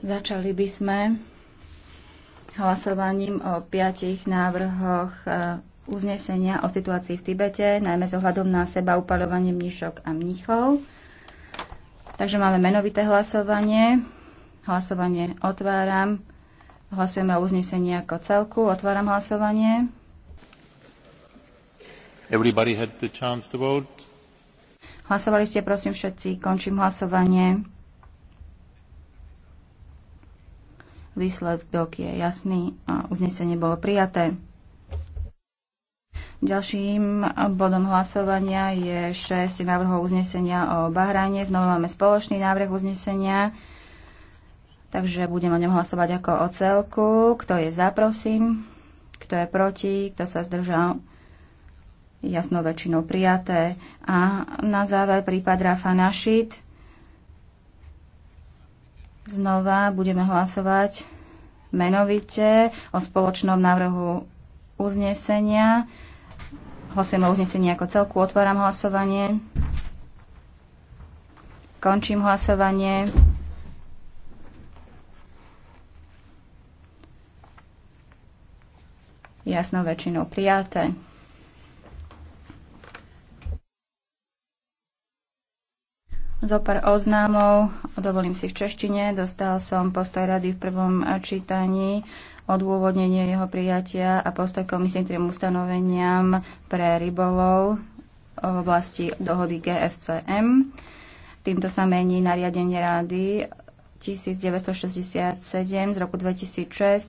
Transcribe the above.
Začali by sme hlasovaním o piatich návrhoch e, uznesenia o situácii v Tibete, najmä s ohľadom na seba upaľovanie mníšok a mníchov. Takže máme menovité hlasovanie. Hlasovanie otváram. Hlasujeme o uznesení ako celku. Otváram hlasovanie. Everybody had the chance to vote. Hlasovali ste, prosím, všetci. Končím hlasovanie. Výsledok je jasný a uznesenie bolo prijaté. Ďalším bodom hlasovania je 6 návrhov uznesenia o Bahrajne. Znovu máme spoločný návrh uznesenia, takže budeme o ňom hlasovať ako o celku. Kto je za, prosím. Kto je proti, kto sa zdržal, jasnou väčšinou prijaté. A na záver prípad Rafa Našit. Znova budeme hlasovať menovite o spoločnom návrhu uznesenia. Hlasujeme o uznesení ako celku. Otváram hlasovanie. Končím hlasovanie. Jasnou väčšinou prijaté. zo pár oznámov, dovolím si v češtine, dostal som postoj rady v prvom čítaní, odôvodnenie jeho prijatia a postoj komisie trem ustanoveniam pre rybolov v oblasti dohody GFCM. Týmto sa mení nariadenie rady 1967 z roku 2006